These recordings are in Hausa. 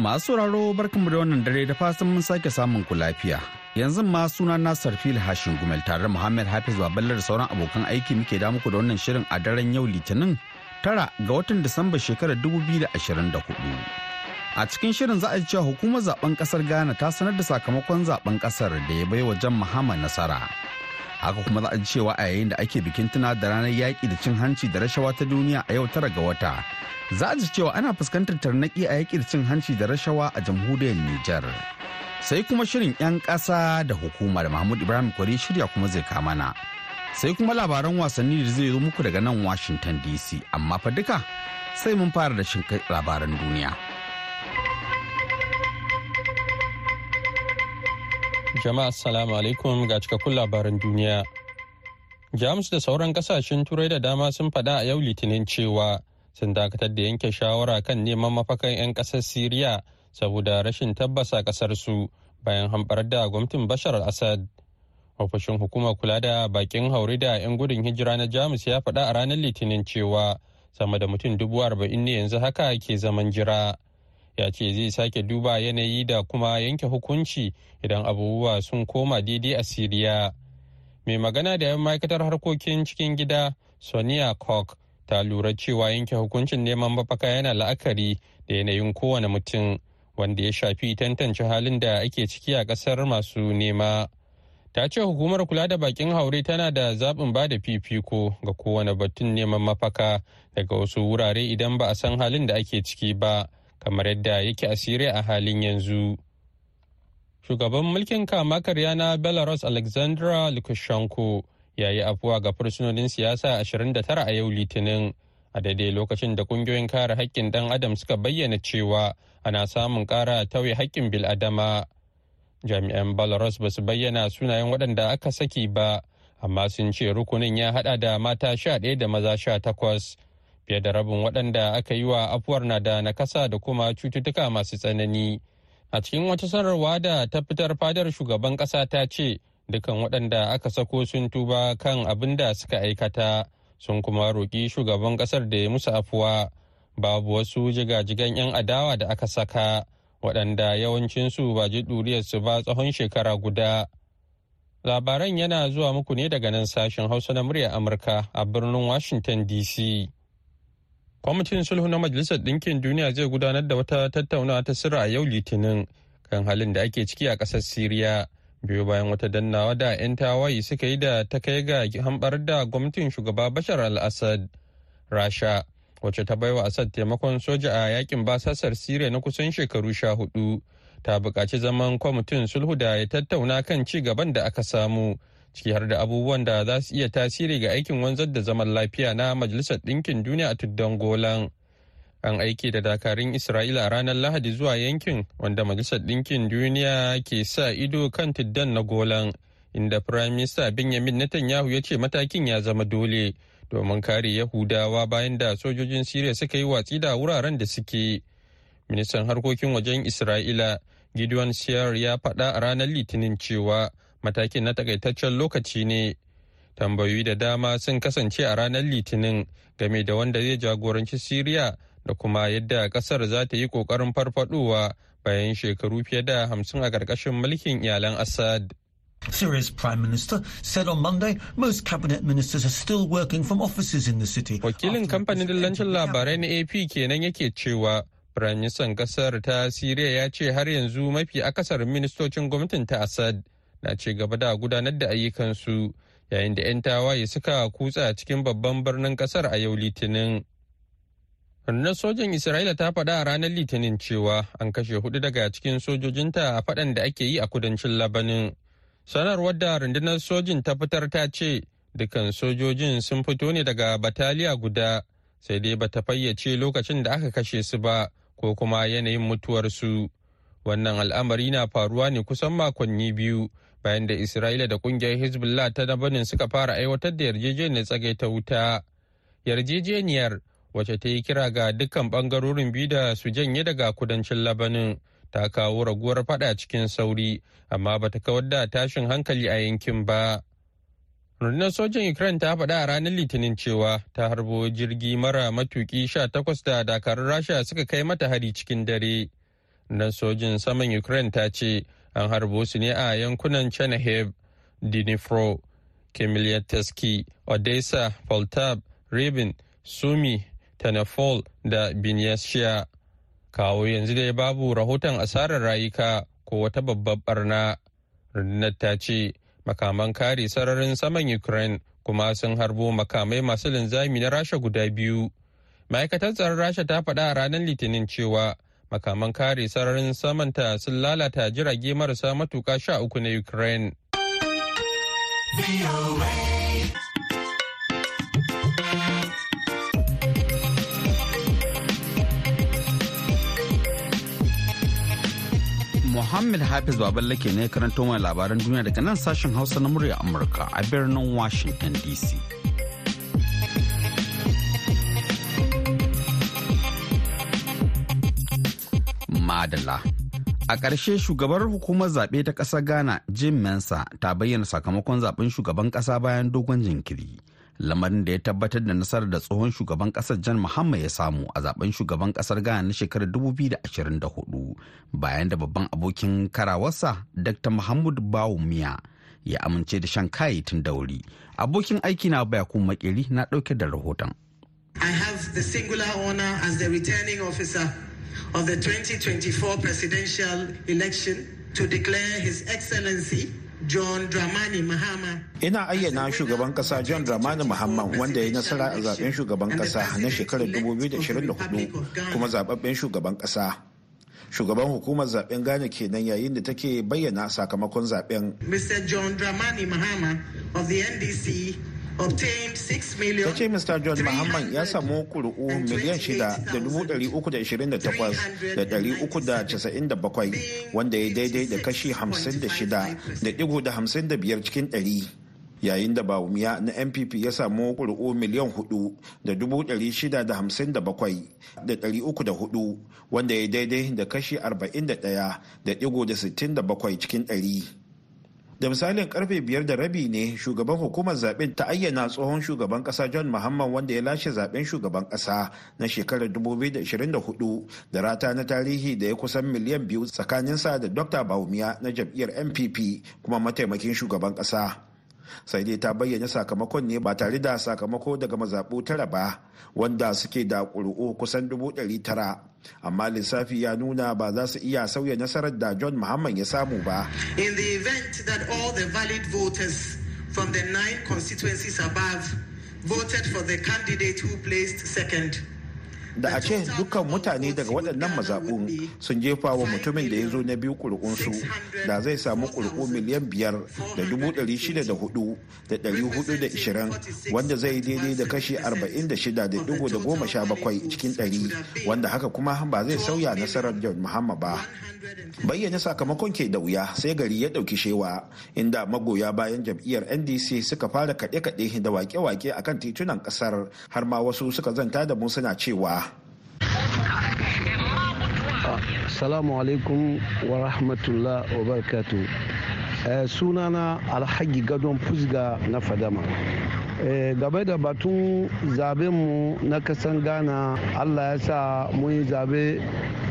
Masu sauraro barkanmu da wannan dare da fasan mun sake samun ku lafiya. Yanzu ma suna na Sarfil Hashin Gumel tare Muhammad Hafiz Babalar da sauran abokan aiki muke da muku da wannan shirin a daren yau Litinin tara ga watan Disamba shekarar 2024. A cikin shirin za a ji cewa hukumar zaben kasar Ghana ta sanar da sakamakon zaben kasar da ya baiwa Jan muhammad nasara. haka kuma za a ji cewa a yayin da ake bikin tuna da ranar yaƙi da cin hanci da rashawa ta duniya a yau tara ga wata za a ji cewa ana fuskantar tarnaki a yaƙi da cin hanci da rashawa a jamhuriyar nijar sai kuma shirin 'yan ƙasa da hukumar mahmud ibrahim kwari shirya kuma zai kamana sai kuma labaran wasanni da zai zo muku daga nan washington dc amma fa duka sai mun fara da labaran duniya. Jama'a Assalamu alaikum ga cikakkun labaran duniya. Jamus da sauran kasashen turai da dama sun faɗa a yau litinin cewa sun dakatar da yanke shawara kan neman mafakan 'yan ƙasar Siriya saboda rashin tabbas a su bayan hamɓar da gwamnatin Bashar al-Assad. Ofishin hukumar kula da bakin haure da 'yan gudun hijira na Jamus ya faɗa a ranar litinin cewa sama da mutum dubu arba'in ne yanzu haka ke zaman jira. ya ce zai sake duba yanayi da kuma yanke hukunci idan abubuwa sun koma daidai a siriya mai magana da yan ma'aikatar harkokin cikin gida sonia cork ta lura cewa yanke hukuncin neman mafaka yana la'akari da yanayin kowane mutum wanda ya shafi tantance halin da ake ciki a kasar masu nema ta ce hukumar kula da bakin haure tana da zaɓin ba da fifiko ga kowane batun neman mafaka daga wasu wurare idan ba a san halin da ake ciki ba kamar yadda yake asiri a halin yanzu. Shugaban mulkin kama karya na Belarus Alexandra Lukashenko ya yi afuwa ga fursunonin siyasa 29 a yau Litinin, a daidai lokacin da kungiyoyin kare haƙƙin ɗan adam suka bayyana cewa ana samun ƙara tauye haƙƙin bil'adama. Jami'an Belarus ba su bayyana sunayen waɗanda aka saki ba, amma sun ce rukunin ya haɗa da mata 11 da maza 18. fiye da rabin waɗanda aka yi wa afuwar na da nakasa da kuma cututtuka masu tsanani a cikin wata sanarwa da ta fitar fadar shugaban ƙasa ta ce dukan waɗanda aka sako sun tuba kan abin da suka aikata sun kuma roƙi shugaban ƙasar da ya musu afuwa babu wasu jigajigan 'yan adawa da aka saka waɗanda yawancinsu ba ji su ba tsawon shekara guda labaran yana zuwa muku ne daga nan sashen hausa na murya amurka a birnin washington dc kwamitin sulhu na majalisar ɗinkin duniya zai gudanar da wata tattaunawa ta sirra a yau litinin kan halin da ake ciki a ƙasar siriya biyu bayan wata dannawa da 'yan tawayi suka yi da ta kai ga hambar da gwamnatin shugaba bashar al-assad rasha wacce ta baiwa assad taimakon soja a yakin basasar siriya na kusan shekaru sha hudu ta buƙaci zaman kwamitin sulhu da ya tattauna kan ci gaban da aka samu ciki har da abubuwan da za su iya tasiri ga aikin wanzar da zaman lafiya na majalisar ɗinkin duniya a tuddan golan an aiki da dakarun isra'ila a ranar lahadi zuwa yankin wanda majalisar ɗinkin duniya ke sa ido kan tuddan na golan inda firayim minista benjamin netanyahu ya ce matakin ya zama dole domin kare yahudawa bayan da sojojin siriya suka yi watsi da wuraren da suke ministan harkokin wajen isra'ila gideon siyar ya faɗa a ranar litinin cewa matakin na takaitaccen lokaci ne tambayoyi da dama sun kasance a ranar litinin game da wanda zai jagoranci siriya da kuma yadda kasar za ta yi kokarin farfadowa bayan shekaru fiye da hamsin a ƙarƙashin mulkin iyalan assad Syria's Prime Minister said on Monday most cabinet ministers are still working from offices in the city. Wakilin kamfanin dillancin labarai na AP kenan yake cewa Firaministan ƙasar ta syria ya ce har yanzu mafi akasarin ministocin gwamnatin ta Assad na ce gaba da gudanar da ayyukansu yayin da 'yan tawaye suka kutsa cikin babban birnin kasar a yau litinin rundunar sojan isra'ila ta faɗa a ranar litinin cewa an kashe hudu daga cikin sojojinta a faɗan da ake yi a kudancin labanin sanarwar da rundunar sojin ta fitar ta ce dukkan sojojin sun fito ne daga bataliya guda sai dai bata fayyace lokacin da aka kashe su ba ko kuma yanayin mutuwarsu wannan al'amari na faruwa ne kusan makonni biyu bayan da Isra'ila da kungiyar Hezbollah ta Lebanon suka fara aiwatar da yarjejeniyar tsagaita wuta. Yarjejeniyar wacce ta yi kira ga dukkan bangarorin biyu da su janye daga kudancin labanin? ta kawo raguwar fada cikin sauri amma bata kawar da tashin hankali a yankin ba. Rundunar sojan Ukraine ta faɗa a ranar Litinin cewa ta harbo jirgi mara matuki takwas da dakarun Rasha suka kai mata hari cikin dare. Rundunar sojin saman Ukraine ta ce an harbo su ne a yankunan chernihiv Dinifro, kemilyateski odessa poltab ribin sumi tenefol da binyashiya kawo yanzu dai babu rahoton asarar rayuka ko wata babbar barna rundunar ta ce makaman kare sararin saman ukraine kuma sun harbo makamai masu linzami na rasha guda biyu ma'aikatar tsaron rasha ta faɗa a ranar litinin cewa makaman kare sararin samanta sun lalata jirage marasa matuka sha uku na ukraine Muhammad Hafiz Baballake ne karanto mai labaran duniya daga nan sashen Hausa na murya Amurka a birnin Washington DC. ma'adala A ƙarshe shugabar hukumar zaɓe ta ƙasa Ghana Jim Mensa ta bayyana sakamakon zaɓen shugaban ƙasa bayan dogon jinkiri. Lamarin da ya tabbatar da nasarar da tsohon shugaban ƙasar Jan Muhammad ya samu a zaɓen shugaban ƙasar Ghana na shekarar 2024 bayan da babban abokin karawarsa Dr. Muhammad miya ya amince da shan kayayyakin dauri. Abokin aiki na baya kuma makeri na ɗauke da rahoton. I have the singular honor as the returning officer of the 2024 presidential election to declare His Excellency John Dramani Mahama. Ina ayyana shugaban kasa John Dramani Mahama wanda ya nasara a zaben shugaban kasa na shekarar 2024 kuma zababben shugaban kasa. Shugaban hukumar zaben Ghana kenan yayin da take bayyana sakamakon zaben. Mr. John Dramani Mahama of the NDC ta ce mr john mahamman ya samu kuri'u miliyan shida da dubu dari uku da ishirin da takwas da dari uku da casa'in da bakwai wanda ya daidai da kashi hamsin da shida da digo da hamsin da biyar cikin dari yayin da bawumiya na npp ya samu kuri'u miliyan hudu da dubu dari shida da hamsin da bakwai da dari uku da hudu wanda ya daidai da kashi arba'in da daya da digo da sittin da bakwai cikin dari da misalin karfe biyar da rabi ne shugaban hukumar zaben ta ayyana tsohon shugaban kasa john muhammad wanda ya lashe zaben shugaban kasa na shekarar 2024 da rata na tarihi da ya kusan miliyan biyu tsakanin tsakaninsa da dr baumiya na jam'iyyar npp kuma mataimakin shugaban kasa sai dai ta bayyana sakamakon ne ba tare da sakamako daga mazaɓu tara ba wanda suke da ƙuri'u kusan dubu ɗari tara amma lissafi ya nuna ba za su iya sauya nasarar da john muhammad ya samu ba in the event that all the valid voters from the nine constituencies above voted for the candidate who placed second da a ce dukkan mutane daga waɗannan mazaɓun sun jefa wa mutumin da ya zo na biyu ƙuri'unsu da zai samu ƙuri'u miliyan biyar da dubu ɗari shida da hudu da ɗari hudu da ishirin wanda zai daidai da kashi arba'in da shida da dubu da goma sha bakwai cikin ɗari wanda haka kuma ba zai sauya nasarar John Mahama ba. Bayyana sakamakon ke da wuya sai gari ya ɗauki shewa inda magoya bayan jam'iyyar NDC suka fara kaɗe-kaɗe da wake-wake akan titunan ƙasar har ma wasu suka zanta da mu suna cewa Assalamu alaikum wa rahmatullah wa barakatu. Eh, sunana alhaji gadon fusga na fadama. Eh, gaba da batun mu na kasan gana. allah ya sa mun yi zabe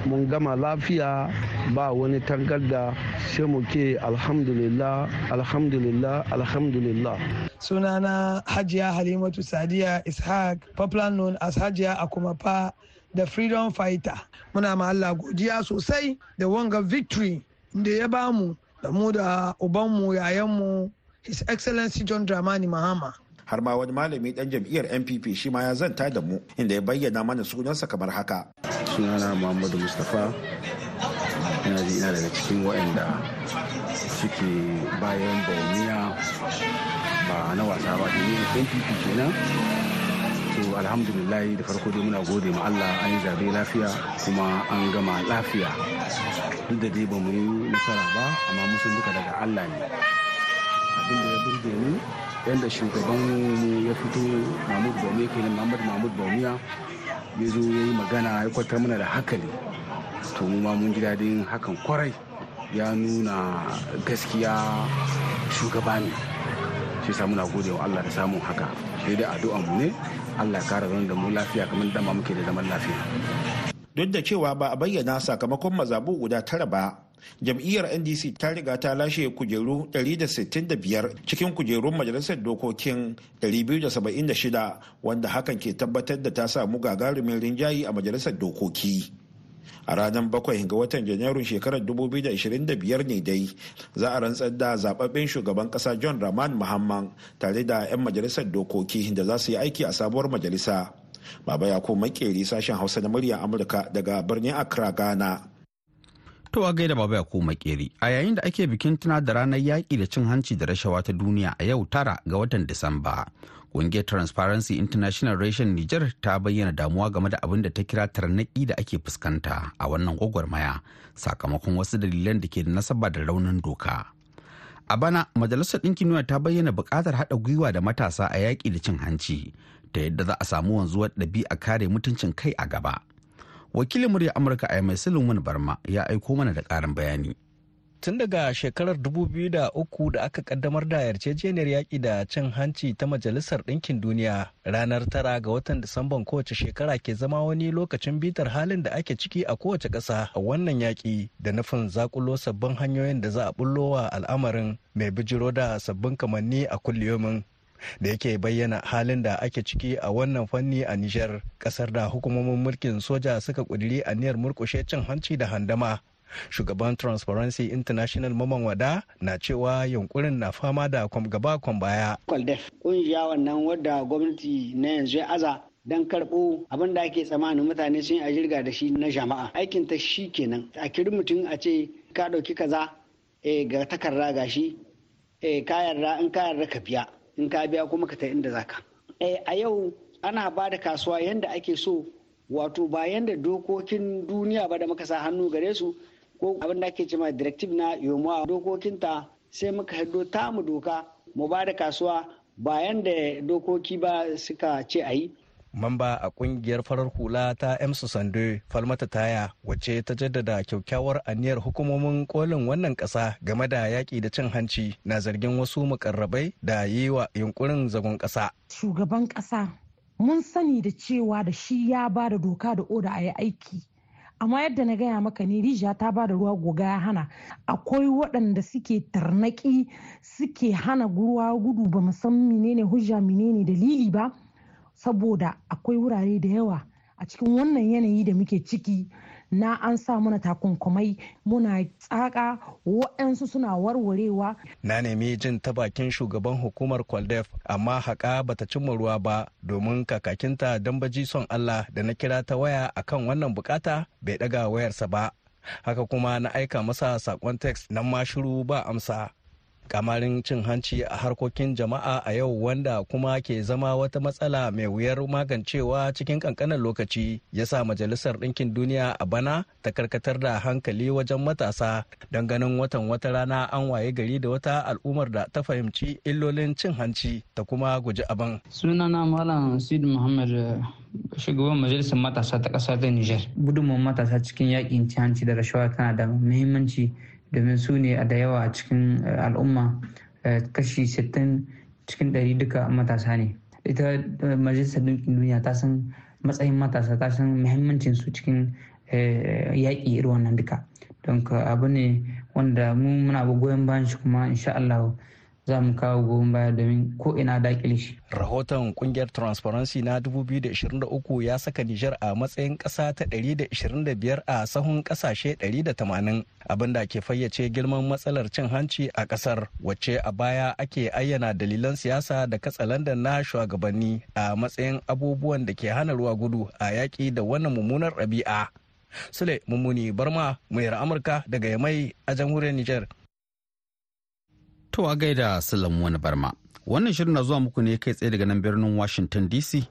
mun gama lafiya ba wani tangarda sai mu ke alhamdulillah alhamdulillah alhamdulillah sunana hajiya halimatu sadiya ishaq popular known as hajiya akumapa da freedom fighter muna ma Allah godiya sosai da wanga victory da ya bamu da mu da ubanmu yayanmu his excellency john dramani mahama har ma wani malami dan jam'iyyar npp shi ma ya zanta da mu inda ya bayyana mana sunansa kamar haka sunana muhammadu mustapha ina ji ina daga cikin waɗanda suke bayan baumiya ba na wasa ba ne npp kenan to alhamdulillah da farko dai muna gode ma Allah an yi zabe lafiya kuma an gama lafiya duk da dai ba mu yi nasara ba amma musu duka daga Allah ne abin da ya burge ni yadda shugaban mu ya fito Mahmud Bawumia kenan Muhammad Mahmud Bawumia ya zo ya yi magana ya kwatar mana da hakali to mu ma mun ji daɗin hakan kwarai ya nuna gaskiya shugaba ne shi sa muna gode wa Allah da samun haka sai da addu'a mu ne allah kara zan da mu lafiya kamar dama muke da zaman lafiya duk da cewa ba a bayyana sakamakon mazabu guda tara ba jam'iyyar ndc ta riga ta lashe kujeru 165 cikin kujerun majalisar dokokin 276 wanda hakan ke tabbatar da ta samu gagarumin rinjayi a majalisar dokoki a ranar bakwai ga watan janairun shekarar 2025 ne dai za a rantsar da zababben shugaban kasa john rahman muhammad tare da 'yan majalisar dokoki da za su yi aiki a sabuwar majalisa baba ya ko makeri sashen hausa na muryar amurka daga birnin accra ghana to a gaida baba ya ko makeri a yayin da ake bikin tuna da ranar yaƙi da cin hanci da rashawa ta duniya a yau tara ga watan disamba Ƙungiyar Transparency International Ration Niger ta bayyana damuwa game da abin da ta kira tarnaƙi da ake fuskanta a wannan gwagwarmaya sakamakon wasu dalilan da ke da nasaba da raunin doka. A bana, Majalisar Ɗinkin Duniya ta bayyana buƙatar haɗa gwiwa da matasa a yaƙi da cin hanci, ta yadda za a samu wanzuwar ɗabi'a kare mutuncin kai a gaba. Wakilin murya Amurka a mai Barma ya aiko mana da ƙarin bayani. tun daga shekarar 2003 da aka kaddamar da yarjejeniyar yaƙi da cin hanci ta majalisar ɗinkin duniya ranar tara ga watan disamban kowace shekara ke zama wani lokacin bitar halin da ake ciki a kowace ƙasa a wannan yaƙi da nufin zakulo sabbin hanyoyin da za a bullo wa al'amarin mai bijiro da sabbin kamanni a kulliyomin da yake bayyana halin da ake ciki a wannan fanni a Nijar, kasar da hukumomin mulkin soja suka kuduri niyar murkushe cin hanci da handama shugaban transparency international maman wada na cewa yunkurin na fama da kwam gaba kwam baya kwaldef kungiya wannan wadda gwamnati na yanzu ya aza don karɓo abin da ake tsammanin mutane sun yi a jirga da shi na jama'a aikin ta shi kenan a kiri mutum a ce ka ɗauki kaza eh, ga takarda gashi shi eh, in ka yarda ka biya in ka biya kuma ka ta inda zaka eh, a yau ana ba da kasuwa yanda ake so wato ba yanda dokokin duniya ba da muka sa hannu gare su ko abin da ake ma directive na yomuwa dokokinta sai muka haddo tamu doka mu ba da kasuwa bayan da dokoki ba suka ce a yi mamba a kungiyar farar hula ta emsu sande falmata taya wacce ta jaddada kyakkyawar aniyar hukumomin kolin wannan kasa game da yaƙi da cin hanci na zargin wasu mukarrabai da yi wa yunkurin zagon kasa shugaban kasa mun sani da cewa da shi ya ba da doka da oda a yi aiki amma yadda na gaya maka ne rija ta ba da ruwa goga ya hana akwai waɗanda suke tarnaki suke hana ruwa gudu ba san menene hujja menene dalili ba saboda akwai wurare da yawa a cikin wannan yanayi da muke ciki na an sa mana takunkumai muna tsaka waɗansu suna warwarewa. Na nemi jin ta bakin shugaban hukumar Kwaldef amma haƙa bata cimma ruwa ba domin kakakinta dambaji son Allah da na kira ta waya akan wannan bukata bai ɗaga wayarsa ba. Haka kuma na aika masa saƙon text nan ma shiru ba amsa. kamarin cin hanci a harkokin jama'a a yau wanda kuma ke zama wata matsala mai wuyar magancewa cikin kankanin lokaci ya sa majalisar ɗinkin duniya a bana ta karkatar da hankali wajen matasa don ganin watan wata rana an waye gari da wata al'ummar da ta fahimci illolin cin hanci ta kuma guji abin sunana malam sid muhammad shugaban majalisar matasa ta ƙasa ta niger gudunmawar matasa cikin yakin cin hanci da rashawa tana da muhimmanci domin su ne da yawa a cikin eh, al'umma eh, kashi 60 cikin 100 duka matasa ne ita eh, majalisar ɗinkin duniya ta san matsayin matasa ta san muhimmancin su cikin yaƙi irin wannan duka don abu ne wanda mu muna goyon bayan shi kuma insha Allah za mu kawo goyon baya domin ko ina da shi. Rahoton kungiyar Transparency na 2023 ya saka Nijar a matsayin kasa ta 125 a sahun kasashe 180 abin da ke fayyace girman matsalar cin hanci a kasar wacce a baya ake ayyana dalilan siyasa da katsalandan na shugabanni a matsayin abubuwan da ke hana ruwa gudu a yaƙi da wannan mummunar ɗabi'a. Sule Mummuni Barma, mayar Amurka daga Yamai a jamhuriyar Nijar. To a gaida Sulam wani barma. Wannan shirin na zuwa muku ne kai tsaye daga nan birnin Washington DC.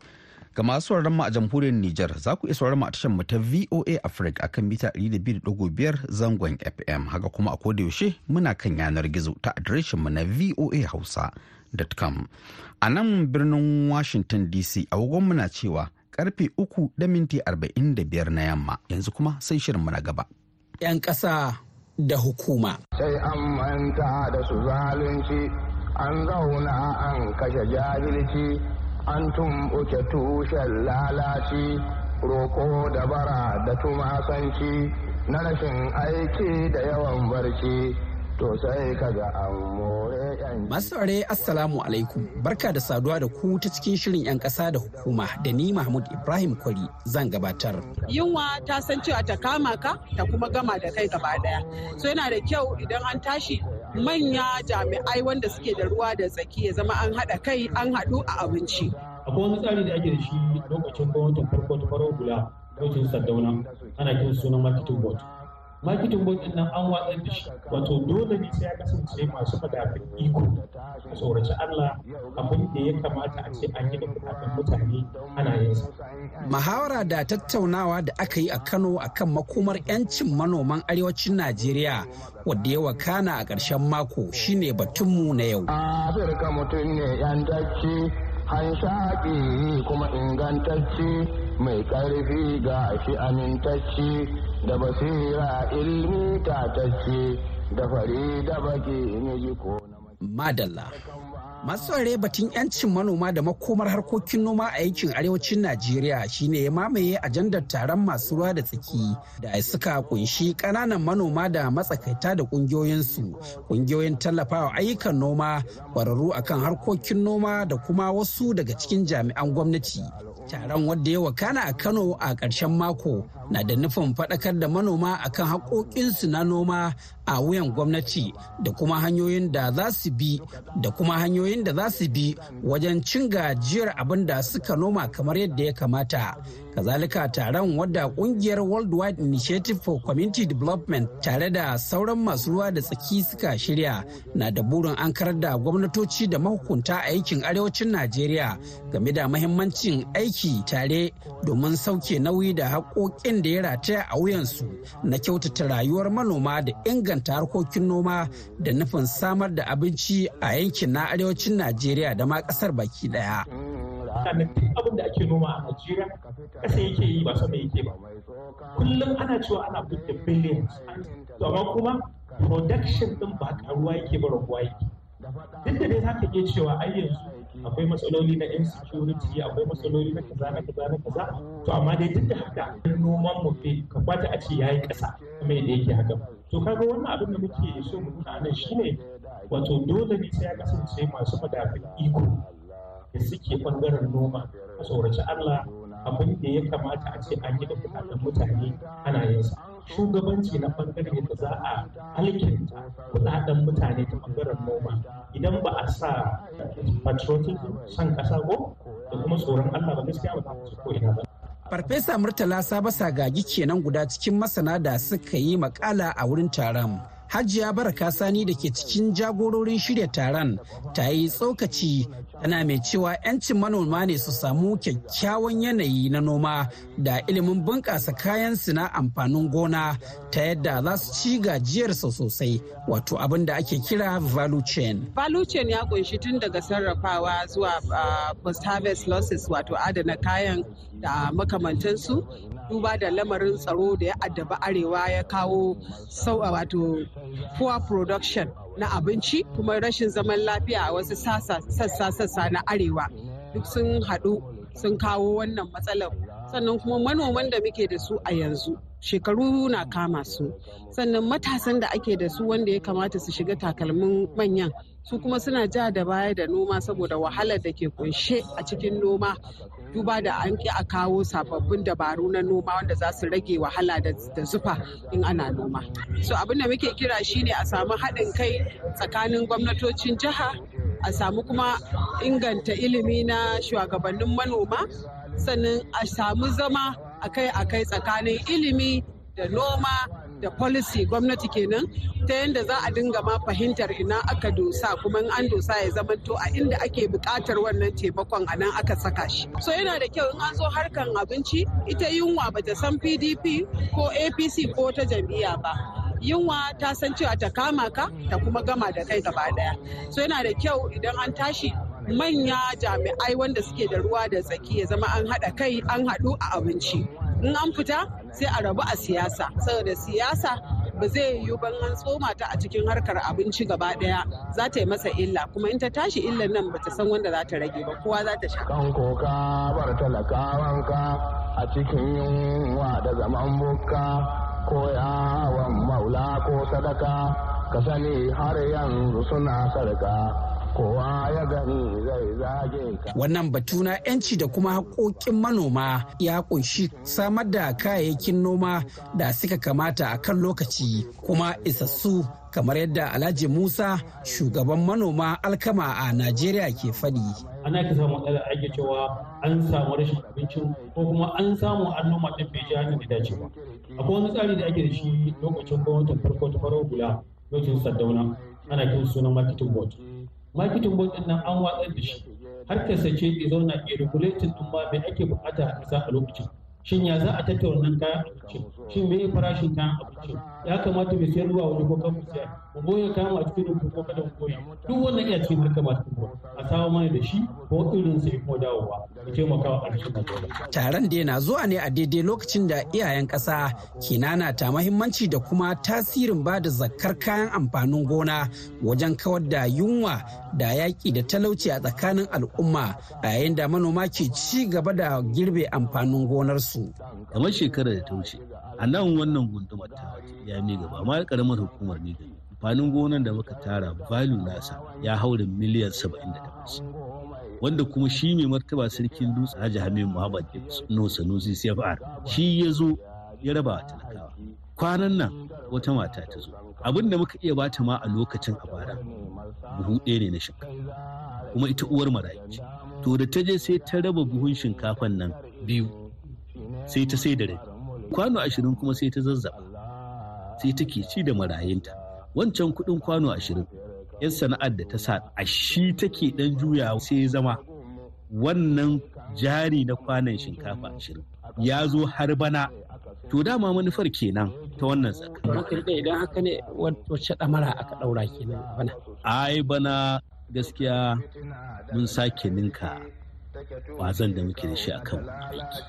Ga masu sauraron mu a jamhuriyar Nijar za ku iya sauraron mu a tashar mu ta VOA Africa akan mita 200.5 zangon FM. Haka kuma a koda yaushe muna kan yanar gizo ta adireshin mu na voahausa.com. A nan birnin Washington DC a muna cewa karfe 3 da minti 45 na yamma. Yanzu kuma sai shirin mu na gaba. 'Yan ƙasa da hukuma. Sai an manta da su zalunci, an zauna an kashe jahilci, an tumɓuke tushen lalaci, roko da bara da tumasanci, na rashin aiki da yawan barci. to Masaure Assalamu alaikum barka da saduwa da ku ta cikin shirin 'yan ƙasa da hukuma da ni Mahmud Ibrahim Kwari zan gabatar. Yunwa ta san cewa ta kama ka ta kuma gama da kai gaba daya. So yana da kyau idan an tashi manya jami'ai wanda suke da ruwa da tsaki ya zama an haɗa kai an haɗu a abinci. Akwai wani tsari da ake da shi lokacin gwamnatin farko ta lokacin Sardauna ana sunan marketing board. marketing board din nan an watsa da shi wato dole ne sai ya kasance masu madafin iko a tsoraci Allah abin da ya kamata a ce an yi da kudaden mutane ana yin sa. Mahawara da tattaunawa da aka yi a Kano akan makomar 'yancin manoman arewacin Najeriya wadda ya wakana a ƙarshen mako shine batunmu na yau. mutum ne hanshaƙi kuma ingantacci mai ƙarfi ga shi amintacce da basira ilmi tatacce da fari da baki ne ji ko madalla masu tsare batun yancin manoma da makomar harkokin noma a yankin arewacin najeriya shine ya mamaye ajandar taron masu ruwa da tsaki da suka kunshi kananan manoma da matsakaita da kungiyoyinsu kungiyoyin tallafawa ayyukan noma kwararru akan harkokin noma da kuma wasu daga cikin jami'an gwamnati taron wadda ya wakana a kano a ƙarshen mako na da nufin faɗakar da manoma akan haƙoƙinsu na noma a wuyan gwamnati da kuma hanyoyin da za su bi da kuma hanyoyin da za su bi wajen cin gajiyar abin da suka noma kamar yadda ya kamata kazalika taron wadda kungiyar worldwide initiative for community development tare da sauran masu ruwa da tsaki suka shirya na da burin an karar da gwamnatoci da mahukunta a yankin arewacin najeriya game da mahimmancin aiki tare domin sauke nauyi da haƙoƙin da ya rataya a wuyansu na kyautata rayuwar manoma da inganta harkokin noma da nufin samar da abinci a yankin na arewacin najeriya da ma ƙasar baki ɗaya. sannan duk abin da ake noma a Najeriya kasa yake yi ba sama yake ba kullum ana cewa ana fidda billions to amma kuma production din ba karuwa yake ba raguwa yake duk da dai zaka iya cewa ai yanzu akwai matsaloli na insecurity akwai matsaloli na kaza na kaza na kaza to amma dai duk da haka noman mu fi ka kwata a ce yayi kasa mai da yake haka to kaga wannan abin da muke so mu nuna nan shine wato dole ne sai ya kasance masu madafin iko da suke ɓangaren noma a tsoraci Allah abin da ya kamata a ce an yi da kuɗaɗen mutane ana yin sa shugabanci na ɓangaren da za a alkinta kuɗaɗen mutane ta ɓangaren noma idan ba a sa patriotism san ƙasa ko da kuma tsoron Allah ba gaskiya ba ta ko ina ba Farfesa Murtala Sabasa Gagi kenan guda cikin masana da suka yi makala a wurin taron. hajiya baraka sani da ke cikin jagororin shirya taron ta yi tsokaci tana mai cewa 'yancin manoma ne su samu kyakkyawan yanayi na noma da ilimin bunƙasa kayan su na amfanin gona ta yadda za su ci gajiyarsa sosai wato abin da ake kira value chain. value chain ya kunshi tun daga sarrafawa zuwa ah, post harvest losses wato adana kayan da makamantansu duba da lamarin tsaro da ya addaba arewa ya kawo sau wato poor production na abinci kuma rashin zaman lafiya a wasu sassa-sassa na arewa duk sun haɗu sun kawo wannan matsalar sannan kuma manoman da muke da su a yanzu shekaru na kama su sannan matasan da ake da su wanda ya kamata su shiga takalmin manyan su kuma suna ja da baya da noma saboda wahalar da ke kunshe a cikin noma duba da an ki a kawo sababbin dabaru na noma wanda za su rage wahala da zufa in ana noma so abin da muke kira shine a samu haɗin kai tsakanin gwamnatocin jiha a samu kuma inganta ilimi na shugabannin manoma sannan a samu zama akai-akai tsakanin ilimi da noma da policy gwamnati kenan ta yadda za a dinga ma fahimtar ina aka dosa kuma an dosa ya zamanto a inda ake bukatar wannan taimakon a nan aka saka shi so yana da kyau in an zo harkan abinci ita yunwa ta san pdp ko apc ko ta jam'iyya ba yunwa ta san cewa ta kama ka ta kuma gama da kai gaba daya so yana da kyau idan an tashi manya jami'ai wanda suke da ruwa da tsaki ya zama an haɗa kai an haɗu a abinci in an fita sai a rabu a siyasa saboda siyasa ba zai yiwu ban an tsoma ta a cikin harkar abinci gaba ɗaya, za ta yi masa illa kuma in ta tashi illar nan ba ta san wanda za ta rage ba kowa za ta sha kan koka bar talakawanka a cikin yunwa da zaman ko yawon maula ko sadaka ka sani har yanzu suna sarka kowa ya gani zai zage ka. Wannan batu na 'yanci da kuma haƙoƙin manoma ya ƙunshi samar da kayayyakin noma da suka kamata a kan lokaci kuma isassu kamar yadda Alhaji Musa shugaban manoma alkama a Najeriya ke faɗi. ana ka samu matsala ake cewa an samu rashin abincin ko kuma an samu an noma ɗin bai ji da dace ba akwai wani tsari da ake da shi lokacin gwamnatin farko ta farar gula lokacin saddauna ana kin sunan marketing board marketing board nan an watsar da shi har ka sace ke zauna ke regulating din ma mai ake bukata a kasa a lokacin shin ya za a tattauna wannan kayan abincin shin me farashin kayan abincin ya kamata mai sayar ruwa wani ko kan mu sayar mu goya kayan a cikin rumfu ko kada mu goya duk wannan iya cikin harkar marketing board a samu mana da shi ko irin sai ko dawowa da taimakawa al'umma dole. Taron da na zuwa ne a daidai lokacin da iyayen ƙasa ke nanata mahimmanci da kuma tasirin ba da zakar kayan amfanin gona wajen kawar da yunwa da yaƙi da talauci a tsakanin al'umma a yayin da manoma ke ci gaba da girbe amfanin gonarsu. Kamar shekarar da ta wuce, a nan wannan gundumar ta ya mi gaba, ma ƙaramar hukumar da gaba. amfanin gonar da muka tara value nasa ya haura miliyan 78 wanda kuma shi mai martaba sarkin dutse Haji Hamid Muhammad Nuhu Sanusi CFR shi ya zo ya raba talakawa kwanan nan wata mata ta zo abin da muka iya bata ma a lokacin a bara buhu ɗaya ne na shinkafa kuma ita uwar marayu ce to da ta je sai ta raba buhun shinkafan nan biyu sai ta sai da rai kwano ashirin kuma sai ta zazzaba sai take ci da marayunta wancan kuɗin kwano ashirin yan sana'ar da ta sa a shi take dan juyawa sai zama wannan jari na kwanan shinkafa ashirin ya zo har bana to dama manufar kenan ta wannan tsakanin. idan haka ne wacce ɗamara aka ɗaura kenan bana. Ai bana gaskiya mun sake ninka wazan da muke da shi a kan aiki.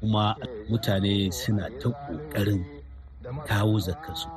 Kuma mutane suna ta ƙoƙarin kawo zakasu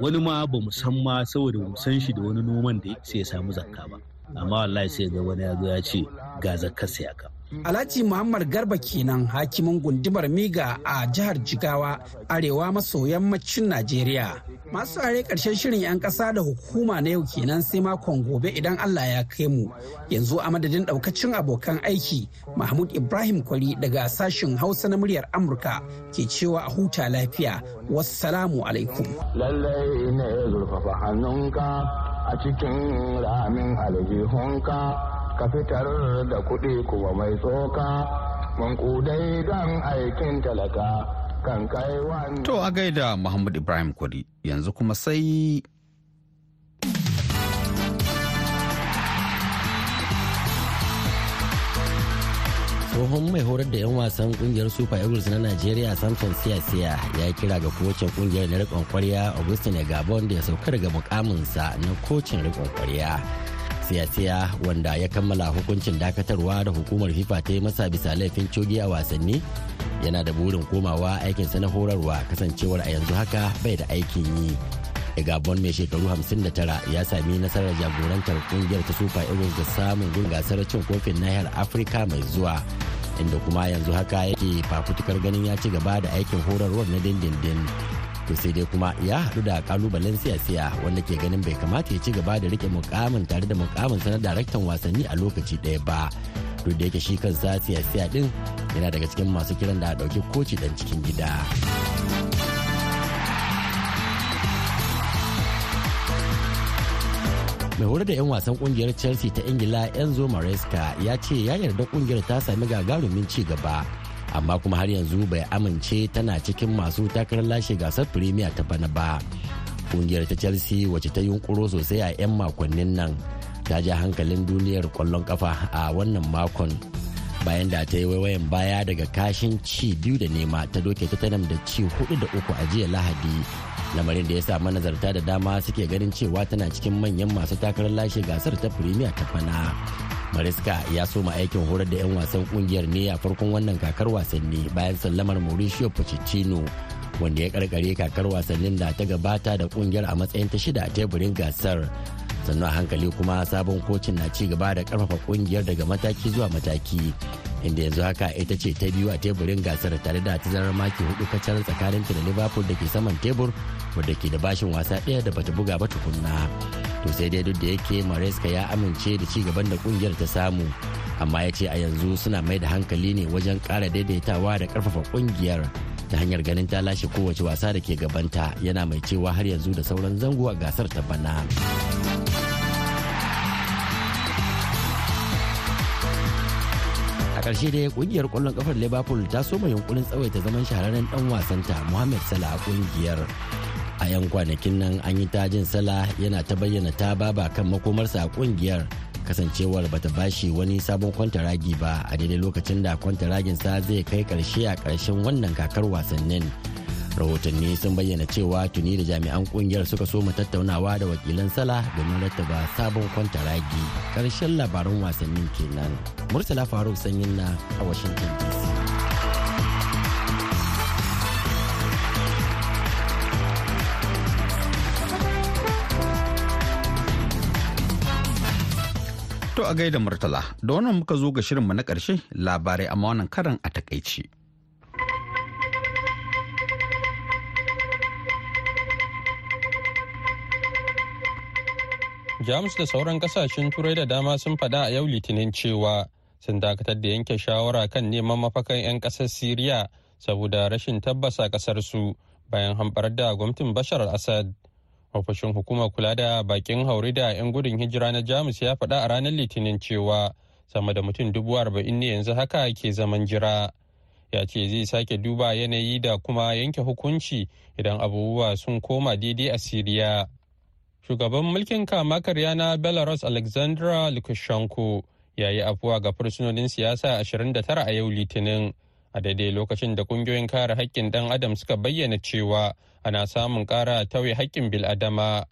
wani ma ba mu san ma saboda mu san shi da wani noman da sai ya samu zakka ba amma wallahi sai ga wani ya zo ya ce ga zakka sai aka Alhaji Muhammad Garba kenan hakimin gundumar Miga a jihar Jigawa arewa maso yammacin Najeriya. Masu are ƙarshen shirin 'yan ƙasa da hukuma na yau kenan sai makon gobe idan Allah ya kai mu. Yanzu a madadin ɗaukacin abokan aiki Mahmud Ibrahim Kwari daga sashen Hausa na muryar Amurka ke cewa a huta lafiya. Wassalamu alaikum. Lallai ne zurfafa hannunka a cikin ramin aljihunka. ka fitar da kuɗi kuma mai tsoka mankudai don aikin talaka kan kai To a gaida Muhammad Ibrahim Kwari yanzu kuma sai tsohon mai horar da 'yan wasan kungiyar super eagles na nigeria samson siya-siya ya kira ga kocin kungiyar na rikon kwarya augustin gabon da ya sauka daga mukaminsa na kocin rikon kwarya siyasiya wanda ya kammala hukuncin dakatarwa da hukumar fifa ta yi masa bisa laifin coge a wasanni yana da burin komawa aikinsa na horarwa kasancewar a yanzu haka bai da aikin yi gabon mai shekaru 59 ya sami nasarar jagorantar kungiyar ta sufa irin da samun gun gasar cin kofin nahiyar afirka mai zuwa inda kuma yanzu haka yake fafutukar ganin ya ci gaba da aikin horarwar na dindindin to sai dai kuma ya haɗu da kalubalen siyasiya wanda ke ganin bai kamata ya ci gaba da rike mukamin tare da mukamin sanar daraktan wasanni a lokaci ɗaya ba duk da yake shi kan kansa siyasiya din yana daga cikin masu kiran da ɗauki koci dan cikin gida. mai horar da 'yan wasan kungiyar chelsea ta ingila enzo maresca ya ce ya yarda kungiyar ta sami gagarumin ci gaba amma kuma har yanzu bai amince tana cikin masu takarar lashe gasar premier ta bana ba kungiyar ta chelsea wacce ta yunkuro sosai a 'yan makonnin nan ta ja hankalin duniyar kwallon kafa a wannan makon bayan da ta yi waiwayen baya daga kashin ci biyu da nema ta doke ta tanam da ci hudu da uku a jiya lahadi lamarin da ya sa manazarta da dama suke ganin cewa tana cikin manyan masu takarar lashe gasar ta premier ta fana mariska ya soma aikin horar da 'yan wasan kungiyar ne a farkon wannan kakar wasanni bayan sallamar mauricio pochettino wanda ya karkare kakar wasannin da ta gabata da kungiyar a matsayin ta shida a teburin gasar sannan a hankali kuma sabon kocin na ci gaba da karfafa kungiyar daga mataki zuwa mataki inda yanzu haka ita ce ta biyu a teburin gasar tare da tazarar maki hudu kacal tsakaninta da liverpool da ke saman tebur wadda ke da bashin wasa ɗaya da bata buga ba tukunna to sai dai duk da yake maresca ya amince da ci gaban da kungiyar ta samu amma ya ce a yanzu suna mai da hankali ne wajen kara daidaitawa da karfafa kungiyar ta hanyar ganin ta lashe kowace wasa da ke gabanta yana mai cewa har yanzu da sauran zango a gasar ta bana a ƙarshe dai kungiyar kwallon kafar liverpool ta soma yunkurin tsawaita zaman shahararren dan wasanta mohamed salah a kungiyar a 'yan kwanakin nan an yi tajin sala yana ta bayyana ta baba kan makomarsa a kungiyar kasancewar bata bashi wani sabon kwantaragi ba a daidai lokacin da kwantaraginsa zai kai karshe a karshen wannan kakar wasannin rahotanni sun bayyana cewa tuni da jami'an kungiyar suka so tattaunawa da wakilan sala domin rattaba sabon kwantaragi karshen labaran wasannin kenan murtala faruk sanyin na a washington dc To a gaida Murtala, da wannan muka zo ga shirinmu na ƙarshe labarai amma wannan karan a takaici. Jamus da sauran kasashen turai da dama sun faɗa a yau litinin cewa sun dakatar da yanke shawara kan neman mafakan 'yan ƙasar Siriya saboda rashin tabbasa a ƙasarsu bayan hamɓar da gwamnatin Bashar al-Assad. ofishin hukumar kula da bakin haure da 'yan gudun hijira na jamus ya faɗa a ranar litinin cewa sama da mutum dubu arba'in ne yanzu haka ke zaman jira ya ce zai sake duba yanayi da kuma yanke hukunci idan abubuwa sun koma daidai a siriya shugaban mulkin kama karya na belarus alexandra lukashenko ya yi afuwa ga fursunonin siyasa 29 a yau litinin a daidai lokacin da kungiyoyin kare haƙƙin ɗan adam suka bayyana cewa ana samun ƙara tauye haƙƙin bil'adama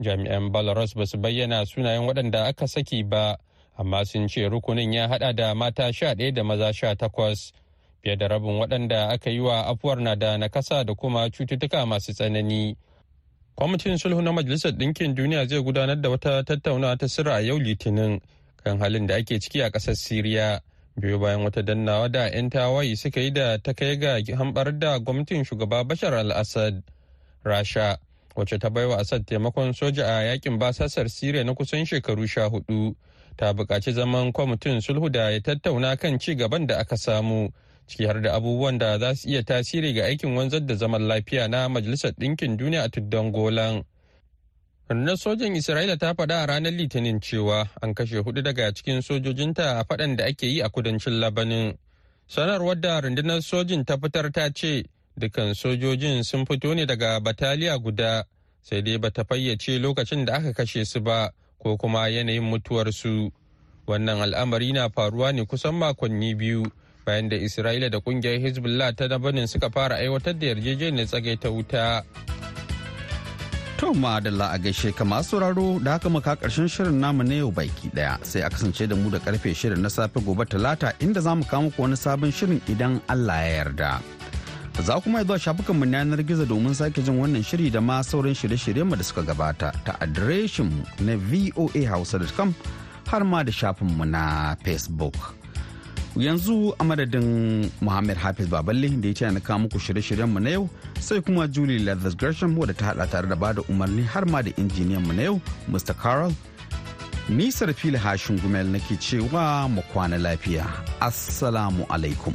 jami'an belarus ba su bayyana sunayen waɗanda aka saki ba amma sun ce rukunin ya haɗa da mata sha ɗaya da maza sha takwas fiye da rabin waɗanda aka yi wa afuwar na da nakasa da kuma cututtuka masu tsanani kwamitin sulhu na majalisar ɗinkin duniya zai gudanar da wata tattaunawa ta sirra a yau litinin kan halin da ake ciki a ƙasar siriya biyu bayan wata dannawa da 'yan tawayi suka yi da ta kai ga hambar da gwamnatin shugaba bashar al-assad rasha wacce ta baiwa assad taimakon soja a yakin basasar siriya na kusan shekaru sha hudu ta buƙaci zaman kwamitin sulhu da ya tattauna kan ci gaban da aka samu ciki har da abubuwan da za su iya tasiri ga aikin wanzar da zaman lafiya na majalisar ɗinkin duniya a tuddan golan Rundunar sojan Isra'ila ta faɗa a ranar Litinin cewa an kashe hudu daga cikin sojojinta a faɗan da ake yi a kudancin Labanin. Sanarwar da rundunar sojin ta fitar ta ce dukkan sojojin sun fito ne daga bataliya guda sai dai bata fayyace lokacin da aka kashe su ba ko kuma yanayin mutuwarsu. Wannan al'amari na faruwa ne kusan makonni biyu bayan da Isra'ila da kungiyar Hezbollah ta Labanin suka fara aiwatar da yarjejeniyar tsagaita wuta. To la a gaishe ka masu sauraro da haka muka karshen shirin namu na yau baki daya sai a kasance da mu da karfe shirin na safe gobe talata inda zamu mu kawo muku wani sabon shirin idan Allah ya yarda. Za kuma zuwa shafukan mu yanar gizo domin sake jin wannan shiri da ma sauran shirye-shirye mu da suka gabata ta adireshin mu na voahausa.com har ma da shafin mu na Facebook. yanzu a madadin muhammad hafiz baballe da ya ce na kawo muku shirye-shiryenmu na yau sai kuma julie leathers gresham wadda ta hada tare da ba da umarni har ma da injiniyanmu na yau mr carol nisar fili hashin gumel nake cewa mu kwana lafiya assalamu alaikum